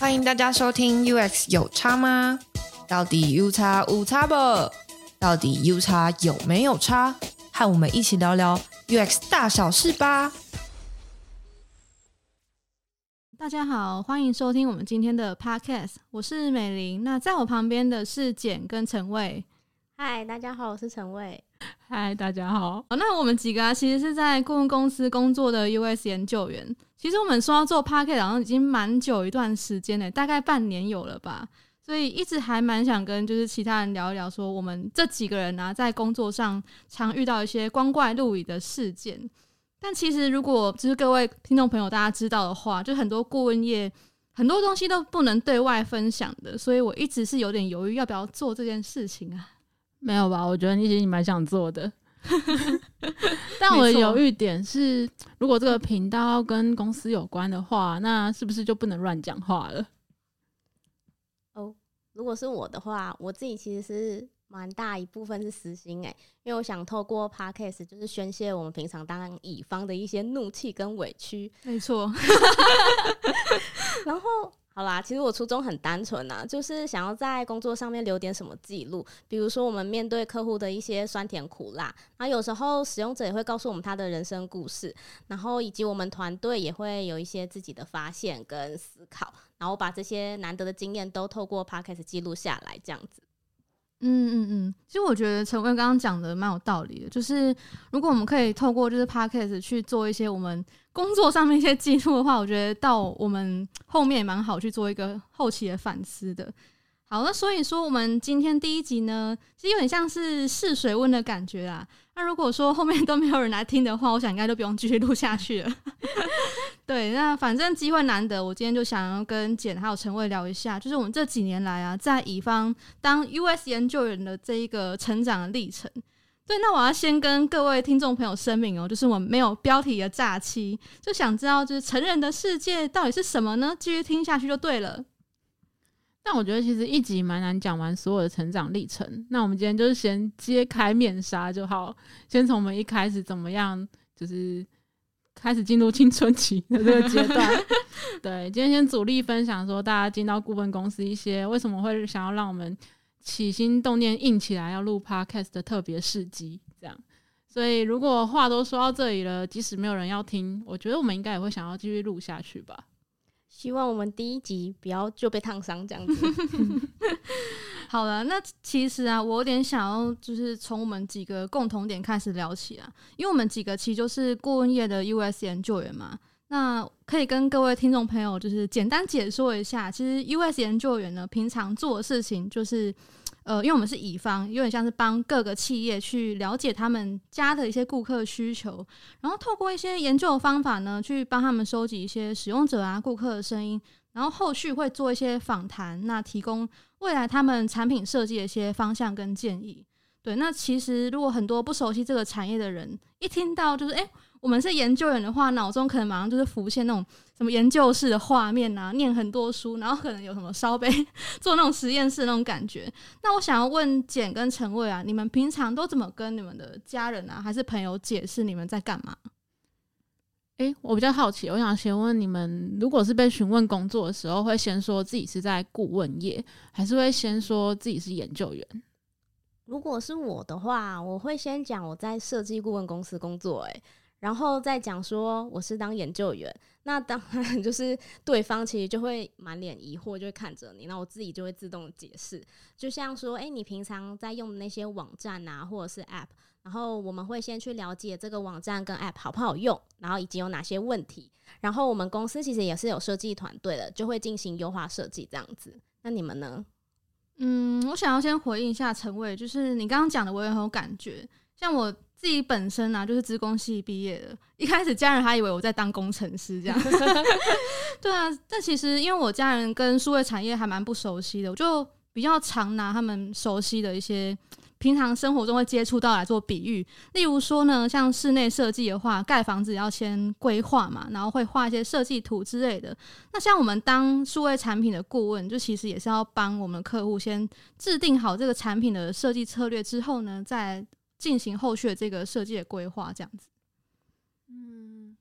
歡迎大家收聽 UX 有差嗎？到底 UX 無差不？到底 UX 有沒有差？和我們一起聊聊 UX 大小事吧。大家好，歡迎收聽我們今天的 Podcast，我是美伶，那在我旁邊的是簡跟沁蔚。嗨，Hi, 大家好，我是陳蔚。嗨，大家好。哦，那我們幾個啊，其實是在顧問公司工作的 UX 研究員。其實我們說要做 Podcast，然後已經蠻久一段時間了，欸，大概半年有了吧。所以一直還蠻想跟就是其他人聊一聊，說我們這幾個人呢，啊，在工作上常遇到一些光怪陸離的事件。但其實如果就是各位聽眾朋友大家知道的話，就是很多顧問業很多東西都不能對外分享的，所以我一直是有點猶豫要不要做這件事情啊。沒有吧？我覺得那些你蠻想做的， 但我猶豫點是，沒錯，如果這個頻道跟公司有關的話，那是不是就不能亂講話了？哦，如果是我的話，我自己其實是。蠻大一部分是私心誒、欸，因為我想透過 Podcast 就是宣洩我們平常當乙方的一些怒氣跟委屈。沒錯 錯。 然後好啦，其實我初衷很單純吶、啊，就是想要在工作上面留點什麼記錄，比如說我們面對客戶的一些酸甜苦辣，啊有時候使用者也會告訴我們他的人生故事，然後以及我們團隊也會有一些自己的發現跟思考，然後把這些難得的經驗都透過 Podcast 記錄下來，這樣子。嗯嗯嗯，其實我覺得沁蔚剛剛講的蠻有道理的，就是如果我們可以透過就是 podcast 去做一些我們工作上面一些記錄的話，我覺得到我們後面也蠻好去做一個後期的反思的。好，那所以說我們今天第一集呢，其實有點像是試水溫的感覺啊。那如果說後面都沒有人來聽的話，我想應該都不用繼續錄下去了。 對，那反正機會難得，我今天就想要跟簡還有陳蔚聊一下，就是我們這幾年來啊，在乙方當 UX 研究員的這一個成長的歷程。對，那我要先跟各位聽眾朋友聲明哦、喔，就是我們沒有標題的詐欺，就想知道就是成人的世界到底是什麼呢？繼續聽下去就對了。但我覺得其實一集蠻難講完所有的成長歷程，那我們今天就是先揭開面紗就好，先從我們一開始怎麼樣，就是。開始進入青春期的這個階段， 對，今天先主力分享說，大家進到顧問公司一些為什麼會想要讓我們起心動念硬起來要錄 Podcast 的特別事迹，這樣，所以如果話都說到這裡了，即使沒有人要聽，我覺得我們應該也會想要繼續錄下去吧。希望我們第一集不要就被燙傷這樣子。 好了，那其實啊，我有點想要就是從我們幾個共同點開始聊起啊，因為我們幾個其實就是顧問業的 UX 研究員嘛，那可以跟各位聽眾朋友就是簡單解說一下，其實 UX 研究員呢平常做的事情就是。呃，因為我們是乙方，有點像是幫各個企業去了解他們家的一些顧客需求，然後透過一些研究的方法呢，去幫他們收集一些使用者啊、顧客的聲音，然後後續會做一些訪談，那提供未來他們產品設計的一些方向跟建議。對，那其實如果很多不熟悉這個產業的人，一聽到就是，欸，我們是研究員的話，腦中可能馬上就是浮現那種。什麼研究室的畫面啊，念很多書，然後可能有什麼燒杯，做那種實驗室的那種感覺。那我想要問簡跟沁蔚啊，你們平常都怎麼跟你們的家人啊，還是朋友解釋你們在幹嘛？欸，我比較好奇，我想先問你們，如果是被詢問工作的時候，會先說自己是在顧問業，還是會先說自己是研究員？如果是我的話，我會先講我在設計顧問公司工作欸。哎。然後再講說我是當研究員，那當然就是對方其實就會滿臉疑惑，就會看着你。那我自己就會自動解釋，就像說，哎，你平常在用的那些網站啊，或者是 App，然後我們會先去了解這個網站跟 App 好不好用，然後以及有哪些問題。然後我們公司其實也是有設計團隊的，就會進行優化設計這樣子。那你們呢？嗯，我想要先回應一下沁蔚，就是你剛剛講的，我也很有感覺，像我。自己本身呢、啊，就是資工系畢業的。一開始家人還以為我在當工程師，這樣。 對啊，但其實因為我家人跟數位產業還蠻不熟悉的，我就比較常拿他們熟悉的一些平常生活中會接觸到來做比喻。例如說呢，像室內設計的話，蓋房子要先規劃嘛，然後會畫一些設計圖之類的。那像我們當數位產品的顧問，就其實也是要幫我們客戶先制定好這個產品的設計策略之後呢，再。進行後續的這個設計的規劃，這樣子。嗯，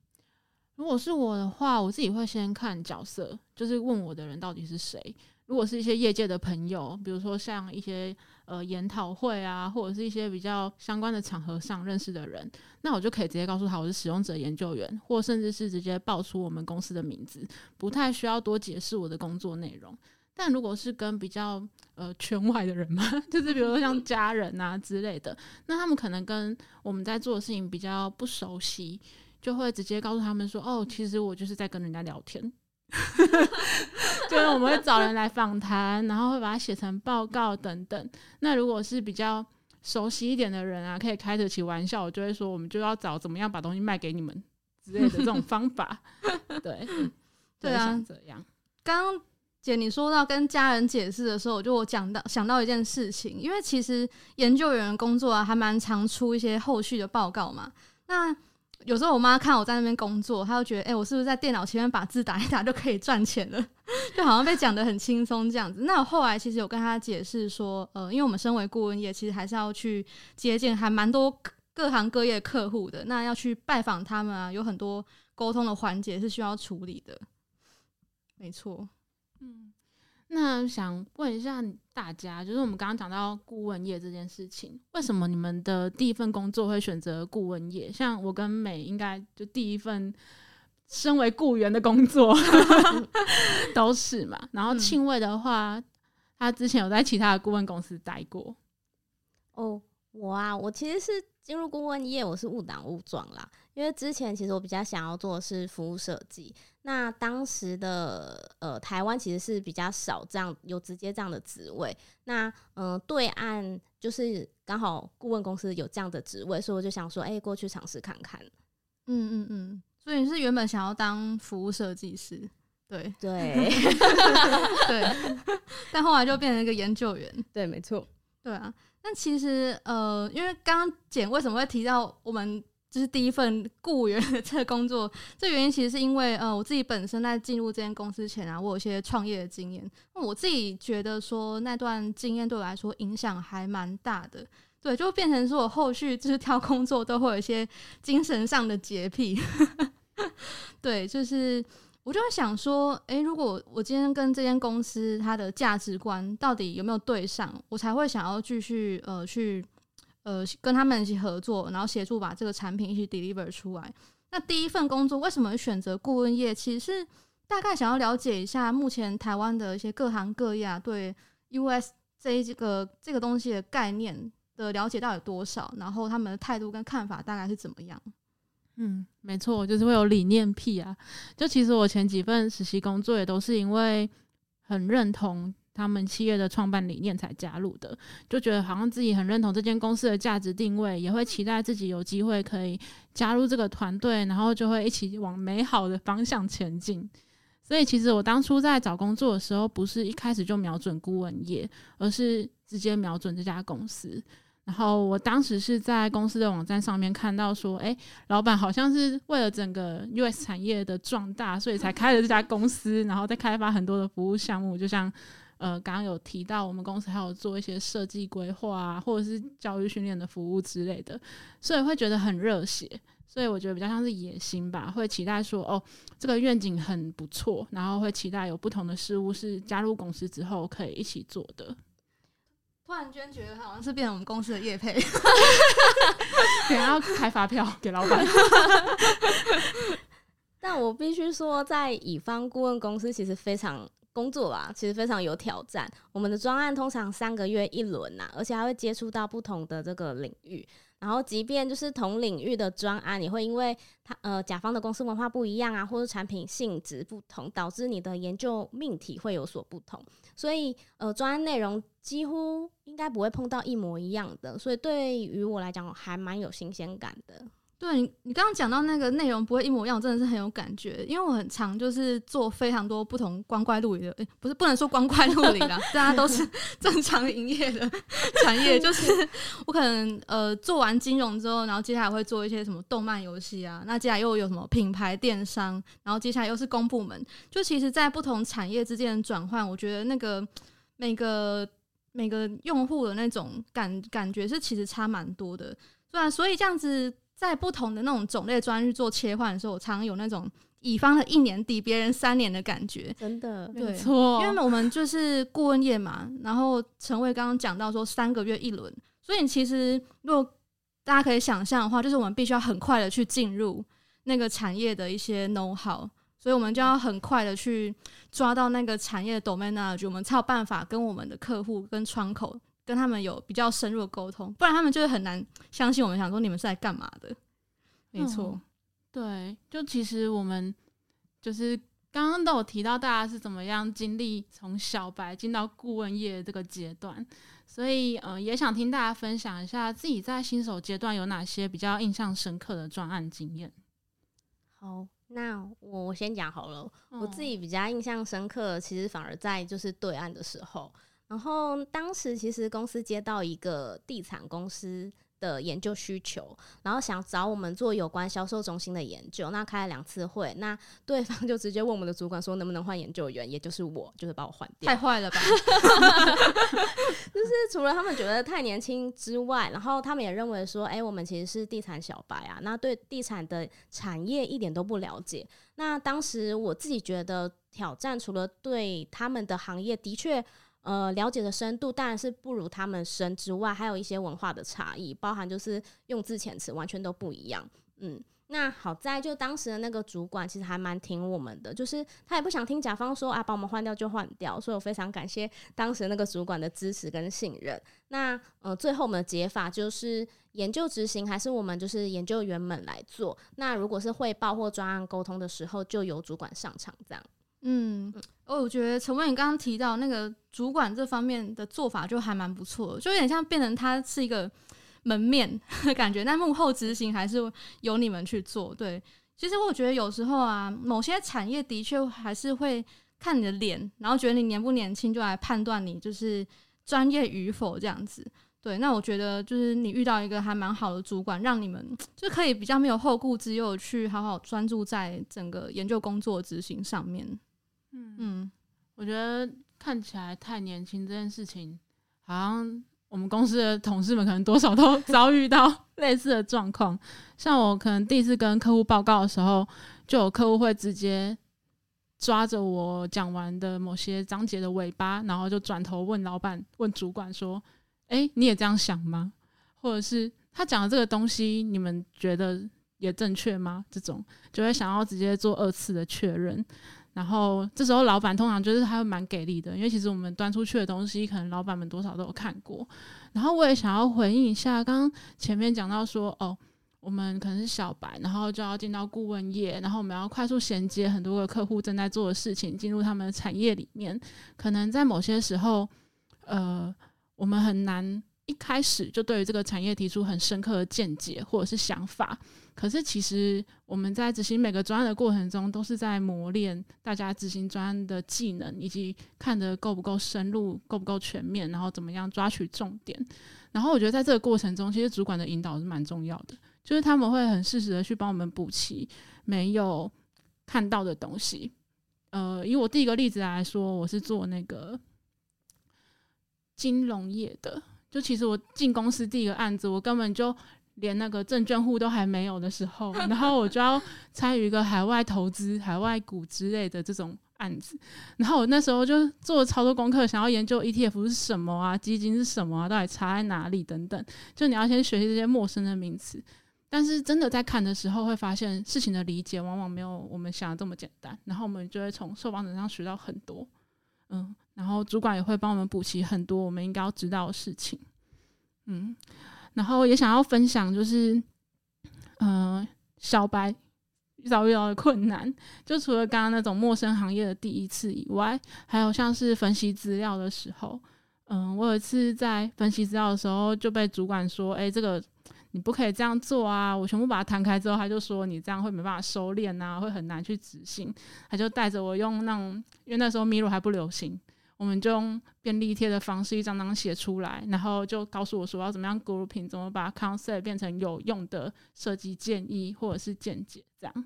如果是我的話，我自己會先看角色，就是問我的人到底是誰。如果是一些業界的朋友，比如說像一些呃研討會啊，或者是一些比較相關的場合上認識的人，那我就可以直接告訴他我是使用者研究員，或甚至是直接報出我們公司的名字，不太需要多解釋我的工作內容。但如果是跟比較呃圈外的人嘛，就是比如說像家人啊之類的，那他們可能跟我們在做的事情比較不熟悉，就會直接告訴他們說：“哦，其實我就是在跟人家聊天。” 就是我們會找人來訪談，然後會把它寫成報告等等。那如果是比較熟悉一點的人啊，可以開得起玩笑，我就會說：“我們就要找怎麼樣把東西賣給你們之類的這種方法。” 對，對,對啊，像這樣。剛。姐，你說到跟家人解釋的時候，我就我講到想到一件事情，因為其實研究員工作啊，還蠻常出一些後續的報告嘛。那有時候我媽看我在那邊工作，她就覺得，哎、欸，我是不是在電腦前面把字打一打就可以賺錢了？就好像被講得很輕鬆這樣子。那我後來其實有跟她解釋說，呃，因為我們身為顧問業，其實還是要去接見還蠻多各行各業客戶的，那要去拜訪他們啊，有很多溝通的環節是需要處理的。沒錯。嗯，那想問一下大家，就是我們剛剛講到顧問業這件事情，為什麼你們的第一份工作會選擇顧問業？像我跟美，應該就第一份身為僱員的工作 都是嘛。然後沁蔚的話，嗯、他之前有在其他的顧問公司待過。哦，我啊，我其實是進入顧問業，我是誤打誤撞啦。因為之前其實我比較想要做的是服務設計，那當時的呃台灣其實是比較少這樣有直接這樣的職位，那嗯、呃、對岸就是剛好顧問公司有這樣的職位，所以我就想說，哎、欸、過去嘗試看看。嗯嗯嗯，所以你是原本想要當服務設計師，對對 對，但後來就變成一個研究員。對，沒錯，對啊。那其實呃，因為剛剛簡為什麼會提到我們？這是第一份雇員的這個工作，這原因其實是因為，呃，我自己本身在進入這間公司前啊，我有一些創業的經驗。那我自己覺得說，那段經驗對我來說影響還蠻大的。對，就變成說我後續就是挑工作都會有一些精神上的潔癖呵呵。對，就是我就會想說，誒、欸，如果我今天跟這間公司它的價值觀到底有沒有對上，我才會想要繼續呃去。呃，跟他們一起合作，然後協助把這個產品一起 deliver 出來。那第一份工作為什麼選擇顧問業？其實大概想要了解一下目前台灣的一些各行各業啊，對 UX 這個這個東西的概念的了解到底多少，然後他們的態度跟看法大概是怎麼樣？嗯，沒錯，就是會有理念癖啊。就其實我前幾份實習工作也都是因為很認同。他們企業的創辦理念才加入的，就覺得好像自己很認同這間公司的價值定位，也會期待自己有機會可以加入這個團隊，然後就會一起往美好的方向前進。所以，其實我當初在找工作的時候，不是一開始就瞄準顧問業，而是直接瞄準這家公司。然後，我當時是在公司的網站上面看到說，哎、欸，老闆好像是為了整個 UX 產業的壯大，所以才開了這家公司，然後再開發很多的服務項目，就像。呃，剛剛有提到我們公司還有做一些設計規劃啊，或者是教育訓練的服務之類的，所以會覺得很熱血，所以我覺得比較像是野心吧，會期待說哦，這個願景很不錯，然後會期待有不同的事物是加入公司之後可以一起做的。突然間覺得他好像是變成我們公司的業配，等下要開發票給老闆。 但我必須說，在乙方顧問公司其實非常。工作啊，其實非常有挑戰。我們的專案通常三個月一輪吶、啊，而且還會接觸到不同的這個領域。然後，即便就是同領域的專案，也會因為它呃，甲方的公司文化不一樣啊，或者產品性質不同，導致你的研究命題會有所不同。所以，呃，專案內容幾乎應該不會碰到一模一樣的。所以，對於我來講，我還蠻有新鮮感的。對，你剛剛講到那個內容不會一模一樣，真的是很有感覺。因為我很常就是做非常多不同光怪陸離的，誒、欸，不是不能說光怪陸離啦， 大家都是正常營業的產業。就是我可能呃做完金融之後，然後接下來會做一些什麼動漫遊戲啊，那接下來又有什麼品牌電商，然後接下來又是公部門。就其實，在不同產業之間的轉換，我覺得那個每個每個用戶的那種感感覺是其實差蠻多的，對啊，所以這樣子。在不同的那種種類專業做切換的時候，我常有那種乙方的一年抵別人三年的感覺，真的對沒錯錯。因為我們就是顧問業嘛，然後沁蔚剛剛講到說三個月一輪，所以其實如果大家可以想象的話，就是我們必須要很快的去進入那個產業的一些 know how，所以我們就要很快的去抓到那個產業的 domain knowledge，我們才有辦法跟我們的客戶跟窗口。跟他們有比較深入的溝通，不然他們就會很難相信我們。想說你們是來幹嘛的？沒錯、嗯，對，就其實我們就是剛剛都有提到，大家是怎麼樣經歷從小白進到顧問業這個階段。所以，嗯、呃，也想聽大家分享一下自己在新手階段有哪些比較印象深刻的專案經驗。好，那我我先講好了。哦、我自己比較印象深刻，其實反而在就是對案的時候。然後當時其實公司接到一個地產公司的研究需求，然後想找我們做有關銷售中心的研究。那開了兩次會，那對方就直接問我們的主管說：“能不能換研究員？”也就是我，就是把我換掉，太壞了吧？ 就是除了他們覺得太年輕之外，然後他們也認為說：“哎，我們其實是地產小白啊，那對地產的產業一點都不了解。”那當時我自己覺得挑戰，除了對他們的行業的確。呃，了解的深度當然是不如他們深之外，還有一些文化的差異，包含就是用字遣詞完全都不一樣。嗯，那好在就當時的那個主管其實還蠻挺我們的，就是他也不想聽甲方說啊，把我們換掉就換掉，所以我非常感謝當時那個主管的支持跟信任。那呃，最後我們的解法就是研究執行還是我們就是研究員們來做，那如果是匯報或專案溝通的時候，就由主管上場這樣。嗯，哦，我覺得沁蔚你剛剛提到那個主管，這方面的做法就還蠻不錯的，就有點像變成他是一個門面的感覺，但幕後執行還是由你們去做。對，其實我覺得有時候啊，某些產業的確還是會看你的臉，然後覺得你年不年輕就來判斷你就是專業與否這樣子。對，那我覺得就是你遇到一個還蠻好的主管，讓你們就可以比較沒有後顧之憂去好好專注在整個研究工作執行上面。嗯嗯，嗯，我覺得看起來太年輕這件事情，好像我們公司的同事們可能多少都遭遇到類似的狀況。 像我可能第一次跟客戶報告的時候，就有客戶會直接抓着我講完的某些章節的尾巴，然後就轉頭問老闆、問主管說：“哎、欸，你也這樣想嗎？”或者是他講的這個東西，你們覺得也正確嗎？這種就會想要直接做二次的確認。然後這時候，老闆通常就是他會蠻給力的，因為其實我們端出去的東西，可能老闆們多少都有看過。然後我也想要回應一下，剛剛前面講到說，哦，我們可能是小白，然後就要進到顧問業，然後我們要快速銜接很多個客戶正在做的事情，進入他們的產業裡面。可能在某些時候，呃，我們很難一開始就對於這個產業提出很深刻的見解或者是想法。可是其實，我們在執行每個專案的過程中，都是在磨練大家執行專案的技能，以及看得夠不夠深入、夠不夠全面，然後怎麼樣抓取重點。然後我覺得在這個過程中，其實主管的引導是蠻重要的，就是他們會很適時的去幫我們補齊沒有看到的東西。呃，以我第一個例子來說，我是做那個金融業的，就其實我進公司第一個案子，我根本就。連那個證券戶都還沒有的時候，然後我就要參與一個海外投資、海外股之類的這種案子，然後我那時候就做了超多功課，想要研究 ETF 是什麼啊，基金是什麼啊，到底差在哪裡等等。就你要先學習這些陌生的名詞，但是真的在看的時候，會發現事情的理解往往沒有我們想的這麼簡單。然後我們就會從受訪者上學到很多，嗯，然後主管也會幫我們補齊很多我們應該要知道的事情，嗯。然後也想要分享，就是，嗯、呃，小白遇到遇到的困難，就除了剛剛那種陌生行業的第一次以外，還有像是分析資料的時候，嗯、呃，我有一次在分析資料的時候，就被主管說：“哎、欸，這個你不可以這樣做啊！”我全部把它攤開之後，他就說：“你這樣會沒辦法收斂啊，會很難去執行。”他就帶着我用那種，因為那時候 Miro 還不流行。我們就用便利貼的方式一張張寫出來，然後就告訴我說要怎麼樣 grouping，怎麼把 concept 變成有用的設計建議或者是見解，這樣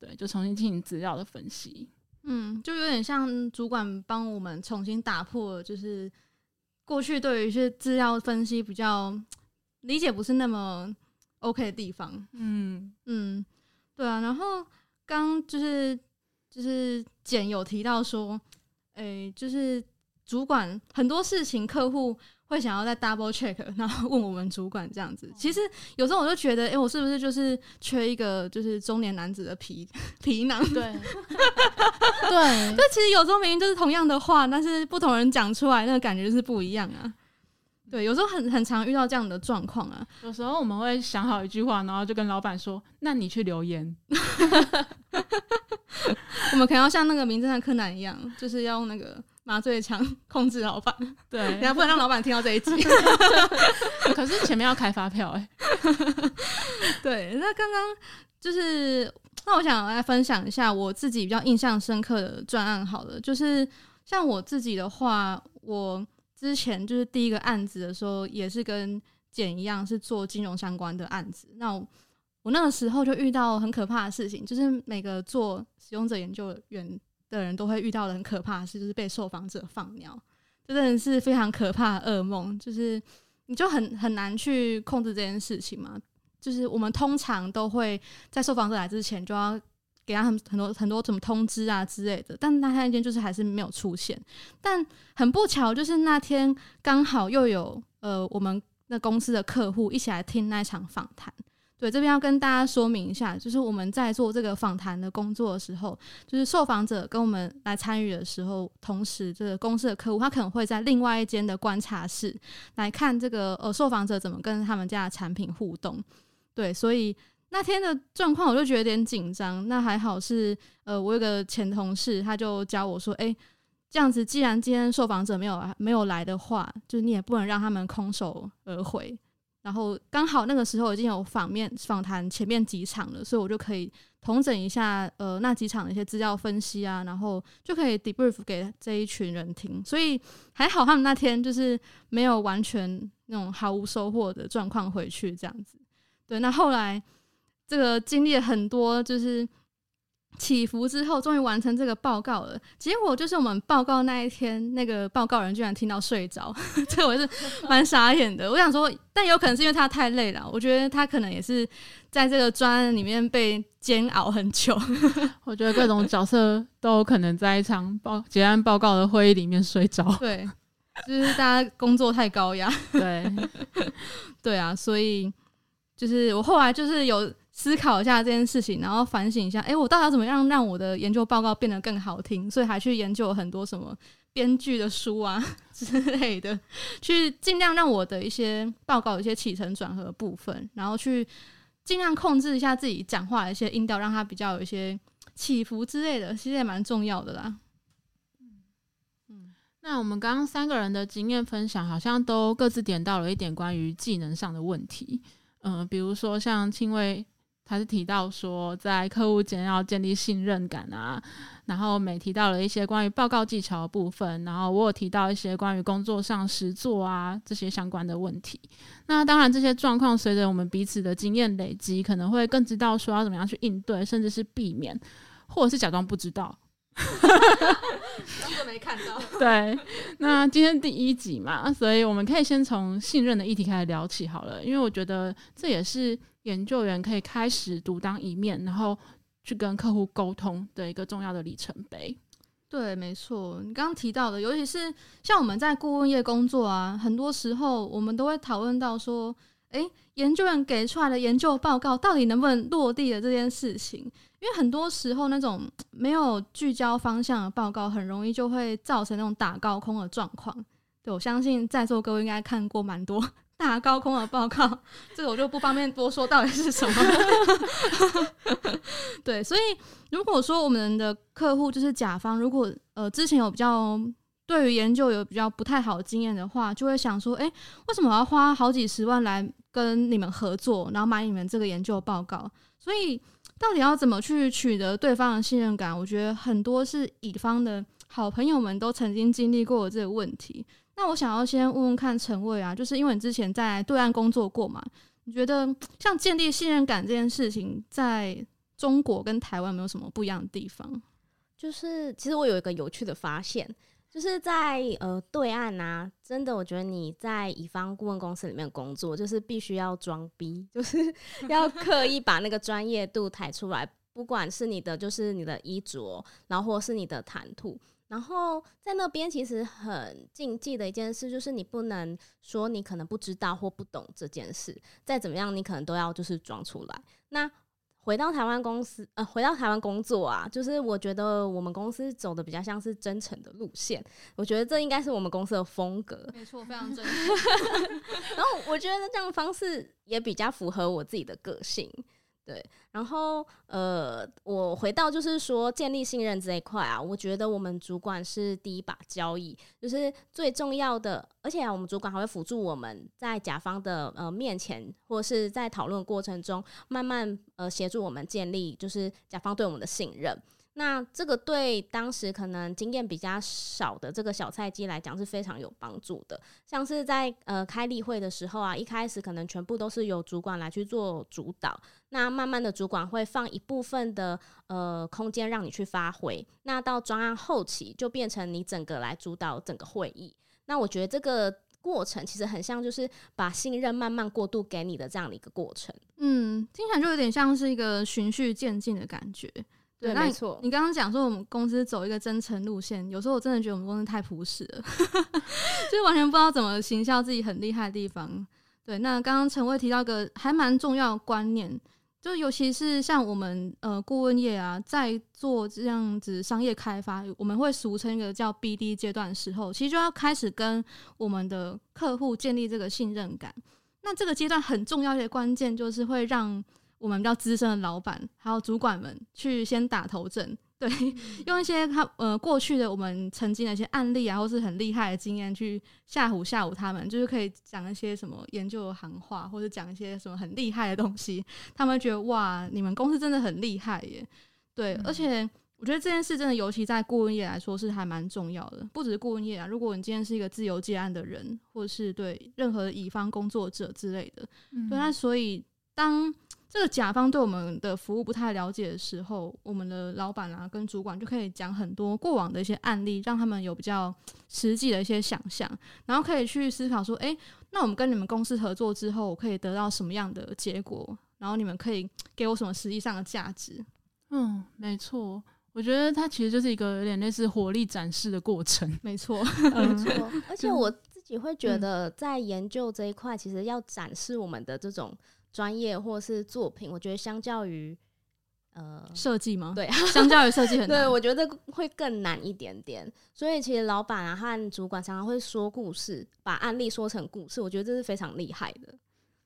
對，就重新進行資料的分析。嗯，就有點像主管幫我們重新打破，就是過去對於一些資料分析比較理解不是那麼 OK 的地方。嗯嗯，對啊。然後剛就是就是簡有提到說。哎，就是主管很多事情，客戶會想要再 double check，然後問我們主管這樣子。其實有時候我就覺得，哎，我是不是就是缺一個就是中年男子的皮皮囊？對， 對。其實有時候明明就是同樣的話，但是不同人講出來，那個感覺是不一樣啊。對，有時候很很常遇到這樣的狀況啊。有時候我們會想好一句話，然後就跟老闆說：“那你去留言。 ” 我們可能要像那個名偵探柯南一樣，就是要用那個麻醉槍控制老闆，對，然後不能讓老闆聽到這一集 。可是前面要開發票哎、欸。 對，那剛剛就是，那我想來分享一下我自己比較印象深刻的專案。好了，就是像我自己的話，我之前就是第一個案子的時候，也是跟簡一樣，是做金融相關的案子。那我那個時候就遇到很可怕的事情，就是每個做使用者研究員的人都會遇到的很可怕的事，就是被受訪者放鳥，真的是非常可怕的噩夢。就是你就很很難去控制這件事情嘛，就是我們通常都會在受訪者來之前就要給他很很多很多什麼通知啊之類的，但他那天，那天就是還是沒有出現。但很不巧，就是那天剛好又有呃我們那公司的客戶一起來聽那場訪談。對，這邊要跟大家說明一下，就是我們在做這個訪談的工作的時候，就是受訪者跟我們來參與的時候，同時這個公司的客戶他可能會在另外一間的觀察室來看這個呃受訪者怎麼跟他們家的產品互動。對，所以那天的狀況我就覺得有點緊張。那還好是呃，我有個前同事他就教我說：“誒，這樣子既然今天受訪者沒有來沒有來的話，就是你也不能讓他們空手而迴。”然後剛好那個時候已經有訪面訪談前面幾場了，所以我就可以統整一下，呃，那幾場的一些資料分析啊，然後就可以 debrief 給這一群人聽。所以還好他們那天就是沒有完全那種毫無收穫的狀況回去這樣子。對，那後來這個經歷了很多，就是。起伏之後，終於完成這個報告了。結果就是，我們報告那一天，那個報告人居然聽到睡着，這我是蠻傻眼的。我想說，但有可能是因為他太累了。我覺得他可能也是在這個專案裡面被煎熬很久。 我覺得各種角色都有可能在一場報結案報告的會議裡面睡着。對，就是大家工作太高壓。 對，對啊，所以就是我後來就是有。思考一下這件事情，然後反省一下，哎、欸，我到底要怎麼樣讓我的研究報告變得更好聽？所以還去研究很多什麼編劇的書啊之類的，去盡量讓我的一些報告一些起承轉合部分，然後去盡量控制一下自己講話的一些音調，讓它比較有一些起伏之類的，其實也蠻重要的啦。嗯，那我們剛剛三個人的經驗分享，好像都各自點到了一點關於技能上的問題，嗯、呃，比如說像沁蔚。還是提到說，在客戶間要建立信任感啊，然後美提到了一些關於報告技巧的部分，然後我有提到一些關於工作上實作啊這些相關的問題。那當然，這些狀況隨着我們彼此的經驗累積，可能會更知道說要怎麼樣去應對，甚至是避免，或者是假裝不知道，當做 沒看到。對，那今天第一集嘛，所以我們可以先從信任的議題開始聊起好了，因為我覺得這也是。研究員可以開始獨當一面，然後去跟客戶溝通的一個重要的里程碑。對，沒錯。你剛剛提到的，尤其是像我們在顧問業工作啊，很多時候我們都會討論到說，欸，研究員給出來的研究報告到底能不能落地的這件事情。因為很多時候那種沒有聚焦方向的報告，很容易就會造成那種打高空的狀況。對，我相信在座各位應該看過蠻多。查高空的報告，這個我就不方便多說，到底是什麼？ 對，所以如果說我們的客戶就是甲方，如果呃之前有比較對於研究有比較不太好的經驗的話，就會想說，哎、欸，為什麼我要花好幾十萬來跟你們合作，然後買你們這個研究報告？所以到底要怎麼去取得對方的信任感？我覺得很多是乙方的好朋友們都曾經經歷過這個問題。那我想要先問問看沁蔚啊，就是因為你之前在對岸工作過嘛，你覺得像建立信任感這件事情，在中國跟台灣沒有什麼不一樣的地方？就是其實我有一個有趣的發現，就是在呃對岸啊，真的我覺得你在乙方顧問公司裡面工作，就是必須要裝逼，就是要刻意把那個專業度抬出來， 不管是你的就是你的衣着，然後或是你的談吐。然後在那邊其實很禁忌的一件事，就是你不能說你可能不知道或不懂這件事，再怎麼樣你可能都要就是裝出來。那回到台灣公司，呃，回到台灣工作啊，就是我覺得我們公司走的比較像是真誠的路線，我覺得這應該是我們公司的風格。沒錯，非常真誠。 然後我覺得這樣的方式也比較符合我自己的個性。對，然後呃，我回到就是說建立信任這一塊啊，我覺得我們主管是第一把交椅，就是最重要的，而且、啊、我們主管還會輔助我們在甲方的呃面前，或是在討論過程中，慢慢呃協助我們建立，就是甲方對我們的信任。那這個對當時可能經驗比較少的這個小菜雞來講，是非常有幫助的。像是在呃開例會的時候啊，一開始可能全部都是由主管來去做主導，那慢慢的主管會放一部分的呃空間讓你去發揮。那到專案後期就變成你整個來主導整個會議。那我覺得這個過程其實很像就是把信任慢慢過渡給你的這樣的一個過程。嗯，聽起來就有點像是一個循序漸進的感覺。對，那你沒錯。你剛剛講說我們公司走一個真誠路線，有時候我真的覺得我們公司太樸實了， 就完全不知道怎麼行銷自己很厲害的地方。對，那剛剛沁蔚提到一個還蠻重要的觀念，就尤其是像我們呃顧問業啊，在做這樣子商業開發，我們會俗稱一個叫 BD 階段的時候，其實就要開始跟我們的客戶建立這個信任感。那這個階段很重要的關鍵就是會讓。我們比較資深的老闆還有主管們去先打頭陣，對，嗯、用一些他呃過去的我們曾經的一些案例啊，或是很厲害的經驗去嚇唬嚇唬他們，就是可以講一些什麼研究的行話，或者講一些什麼很厲害的東西，他們會覺得哇，你們公司真的很厲害耶，對，嗯、而且我覺得這件事真的，尤其在顧問業來說是還蠻重要的，不只是顧問業啊，如果你今天是一個自由接案的人，或是對任何的乙方工作者之類的，嗯、對，那所以當這個甲方對我們的服務不太了解的時候，我們的老闆啊跟主管就可以講很多過往的一些案例，讓他們有比較實際的一些想象，然後可以去思考說：哎，那我們跟你們公司合作之後，我可以得到什麼樣的結果？然後你們可以給我什麼實際上的價值？嗯，沒錯，我覺得它其實就是一個有點類似火力展示的過程。沒錯， 嗯、沒錯。而且我自己會覺得，在研究這一塊，其實要展示我們的這種。專業或是作品，我覺得相較於呃設計嗎？對，相較於設計很難 對，我覺得會更難一點點。所以其實老闆啊和主管常常會說故事，把案例說成故事，我覺得這是非常厲害的。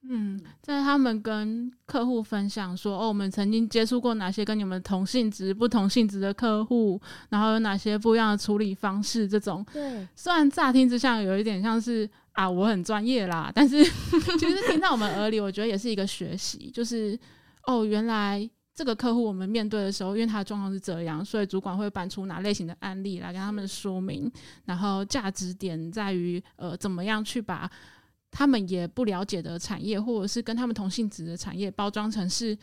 嗯，在他們跟客戶分享說：“哦，我們曾經接觸過哪些跟你們同性質、不同性質的客戶，然後有哪些不一樣的處理方式？”這種，對，雖然乍聽之下有一點像是啊，我很專業啦，但是其實、就是、聽到我們耳裡， 我覺得也是一個學習。就是哦，原來這個客戶我們面對的時候，因為他的狀況是這樣，所以主管會搬出哪類型的案例來跟他們說明，然後價值點在於呃，怎麼樣去把。他們也不了解的產業，或者是跟他們同性質的產業，包裝成是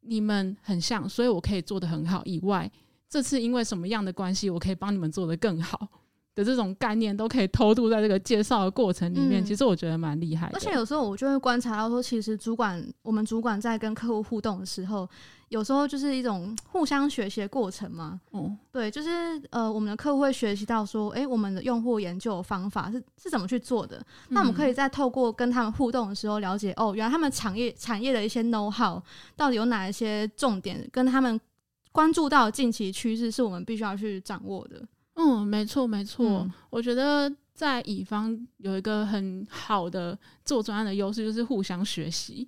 你們很像，所以我可以做得很好以外，這次因為什麼樣的關係，我可以幫你們做得更好的這種概念都可以偷渡在這個介紹的過程裡面，嗯、其實我覺得蠻厲害的。而且有時候我就會觀察到說，其實主管我們主管在跟客戶互動的時候，有時候就是一種互相學習的過程嘛。哦，對，就是呃，我們的客戶會學習到說，哎、欸，我們的用戶研究方法是是怎麼去做的。嗯、那我們可以在透過跟他們互動的時候，了解哦，原來他們產業產業的一些 know how 到底有哪一些重點，跟他們關注到近期趨勢，是我們必須要去掌握的。嗯，沒錯沒錯，嗯、我覺得在乙方有一個很好的做專案的優勢，就是互相學習。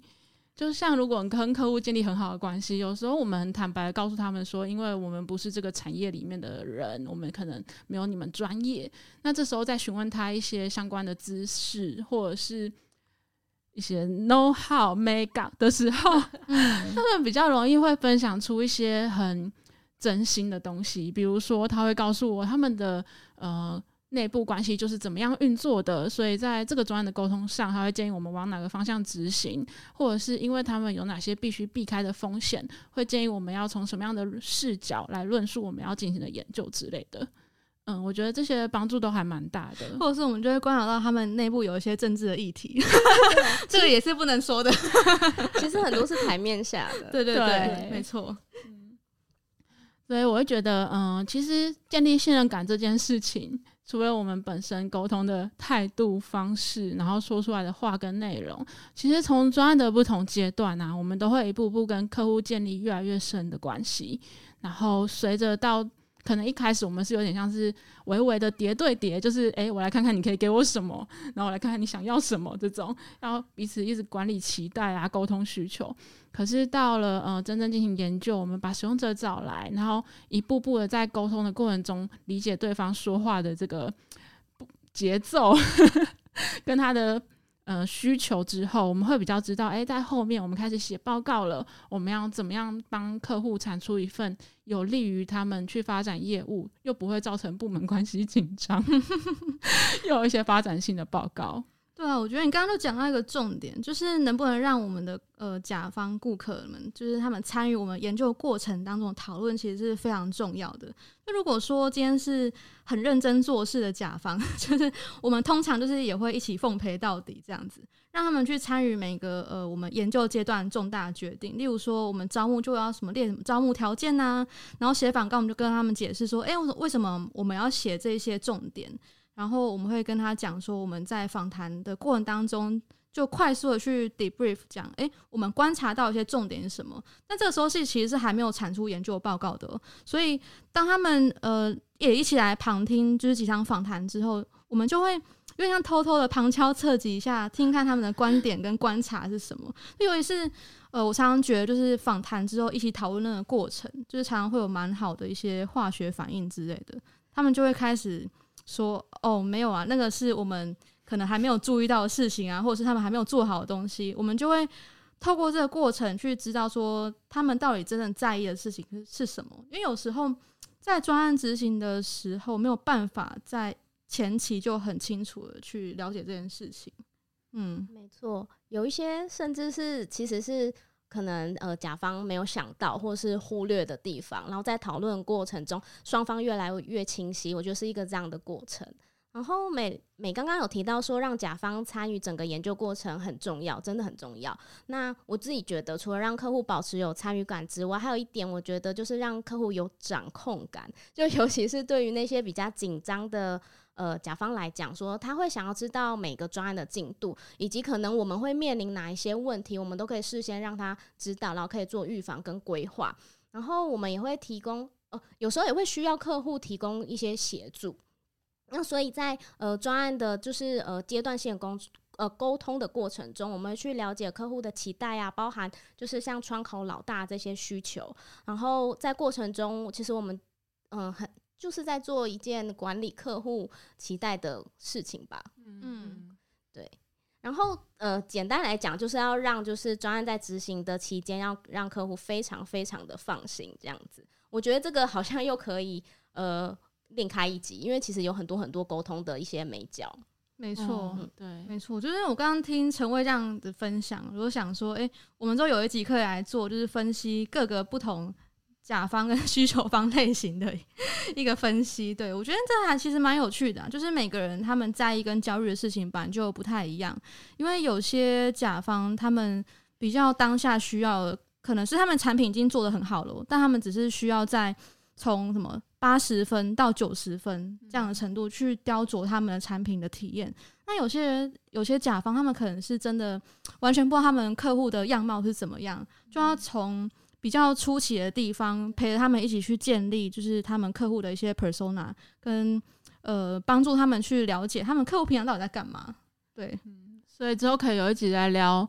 就像如果跟客戶建立很好的關係，有時候我們很坦白的告訴他們說，因為我們不是這個產業裡面的人，我們可能沒有你們專業。那這時候再詢問他一些相關的知識，或者是一些 know how make up 的時候，嗯、 他們比較容易會分享出一些很真心的東西，比如說他會告訴我他們的呃內部關係就是怎麼樣運作的，所以在這個專案的溝通上，他會建議我們往哪個方向執行，或者是因為他們有哪些必須避開的風險，會建議我們要從什麼樣的視角來論述我們要進行的研究之類的。嗯、呃，我覺得這些幫助都還蠻大的，或者是我們就會觀察到他們內部有一些政治的議題， 啊、 這個也是不能說的。 其實很多是台面下的，對對對，對對對沒錯。所以我會覺得，嗯、呃，其實建立信任感這件事情，除了我們本身溝通的態度方式，然後說出來的話跟內容，其實從專案的不同階段啊，我們都會一步步跟客戶建立越來越深的關係，然後隨着到。可能一開始我們是有點像是微微的諜對諜，就是哎、欸，我來看看你可以給我什麼，然後我來看看你想要什麼這種，然後彼此一直管理期待啊，溝通需求。可是到了呃真正進行研究，我們把使用者找來，然後一步步的在溝通的過程中理解對方說話的這個節奏呵呵跟他的。呃，需求之後，我們會比較知道，哎、欸，在後面我們開始寫報告了，我們要怎麼樣幫客戶產出一份有利於他們去發展業務，又不會造成部門關係緊張， 又有一些發展性的報告。對啊，我覺得你剛剛就講到一個重點，就是能不能讓我們的呃甲方顧客們，就是他們參與我們研究過程當中討論，其實是非常重要的。那如果說今天是很認真做事的甲方，就是我們通常就是也會一起奉陪到底，這樣子讓他們去參與每個呃我們研究階段重大決定，例如說我們招募就要什麼列什麼招募條件吶、啊，然後寫廣告，我們就跟他們解釋說，哎，為什麼我們要寫這些重點。然後我們會跟他講說，我們在訪談的過程當中，就快速的去 debrief 講，誒，我們觀察到一些重點是什麼？但這個時候是其實是還沒有產出研究報告的，所以當他們呃也一起來旁聽，就是幾場訪談之後，我們就會有點像偷偷的旁敲側擊一下，聽看他們的觀點跟觀察是什麼。就尤其是呃，我常常覺得，就是訪談之後一起討論那個過程，就是常常會有蠻好的一些化學反應之類的，他們就會開始。說哦，沒有啊，那個是我們可能還沒有注意到的事情啊，或者是他們還沒有做好的東西，我們就會透過這個過程去知道說他們到底真正在意的事情是，是什麼。因為有時候在專案執行的時候，沒有辦法在前期就很清楚的去了解這件事情。嗯，沒錯，有一些甚至是其實是。可能呃，甲方沒有想到或是忽略的地方，然後在討論過程中，雙方越來越清晰，我覺得是一個這樣的過程。然後美美剛剛有提到說，讓甲方參與整個研究過程很重要，真的很重要。那我自己覺得，除了讓客戶保持有參與感之外，還有一點，我覺得就是讓客戶有掌控感，就尤其是對於那些比較緊張的。呃，甲方來講說，他會想要知道每個專案的進度，以及可能我們會面臨哪一些問題，我們都可以事先讓他知道，然後可以做預防跟規劃。然後我們也會提供，呃，有時候也會需要客戶提供一些協助。那所以在呃專案的，就是呃階段性工呃溝通的過程中，我們去了解客戶的期待啊，包含就是像窗口老大這些需求。然後在過程中，其實我們嗯、呃、很。就是在做一件管理客戶期待的事情吧。嗯，嗯，對。然後呃，簡單來講，就是要讓就是專案在執行的期間，要讓客戶非常非常的放心，這樣子。我覺得這個好像又可以呃，另開一集，因為其實有很多很多溝通的一些眉角。沒錯錯、嗯，對，沒錯。就是我剛剛聽沁蔚這樣的分享，我想說，哎、欸，我們都有一集可以來做，就是分析各個不同。甲方跟需求方類型的一個分析，對，我覺得這還其實蠻有趣的啊，就是每個人他們在意跟焦慮的事情本來就不太一樣，因為有些甲方他們比較當下需要的，可能是他們產品已經做得很好了，但他們只是需要在從什麼八十分到九十分這樣的程度去雕琢他們的產品的體驗。那有些人，有些甲方他們可能是真的完全不知道他們客戶的樣貌是怎麼樣，就要從。比較初期的地方，陪着他們一起去建立，就是他們客戶的一些 persona，跟呃幫助他們去了解他們客戶平常到底在幹嘛。對，嗯、所以之後可以有一集來聊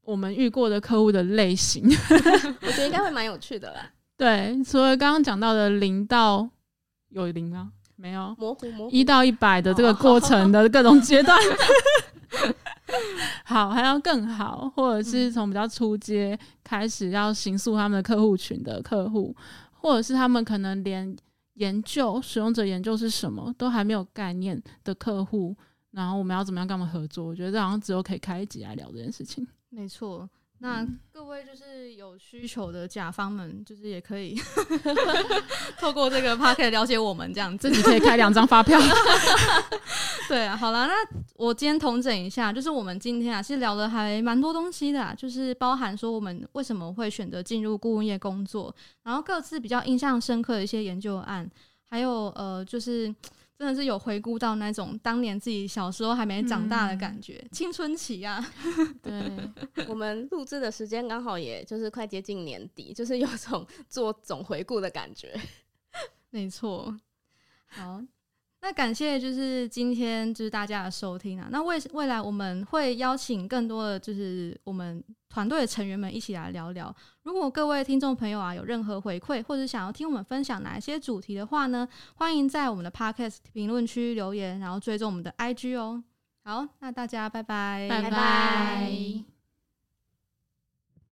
我們遇過的客戶的類型， 我覺得應該會蠻有趣的吧。 對，除了剛剛講到的零到有零啊，沒有，模糊，一到一百的這個過程的各種階段。哦 好，還要更好，或者是從比較初階開始，要行訴他們的客戶群的客戶，或者是他們可能連研究使用者研究是什麼都還沒有概念的客戶，然後我們要怎麼樣跟他們合作？我覺得這好像只有可以開一集來聊這件事情。沒錯。那各位就是有需求的甲方們，就是也可以、嗯、 透過這個 podcast 了解我們，這樣自己可以開兩張發票。 對，好啦，那我今天統整一下，就是我們今天啊,其實聊的還蠻多東西的、啊，就是包含說我們為什麼會選擇進入顧問業工作，然後各自比較印象深刻的一些研究案，還有呃，就是。真的是有回顧到那種當年自己小時候還沒長大的感覺，嗯。青春期啊。 對，我們錄製的時間剛好也就是快接近年底，就是有種做總回顧的感覺。 沒錯，好。那感謝，就是今天就是大家的收聽啊。那未未來我們會邀請更多的就是我們團隊的成員們一起來聊聊。如果各位聽眾朋友啊有任何回饋，或者想要聽我們分享哪一些主題的話呢，歡迎在我們的 Podcast 評論區留言，然後追蹤我們的 IG 哦、喔。好，那大家拜拜，拜拜。拜拜。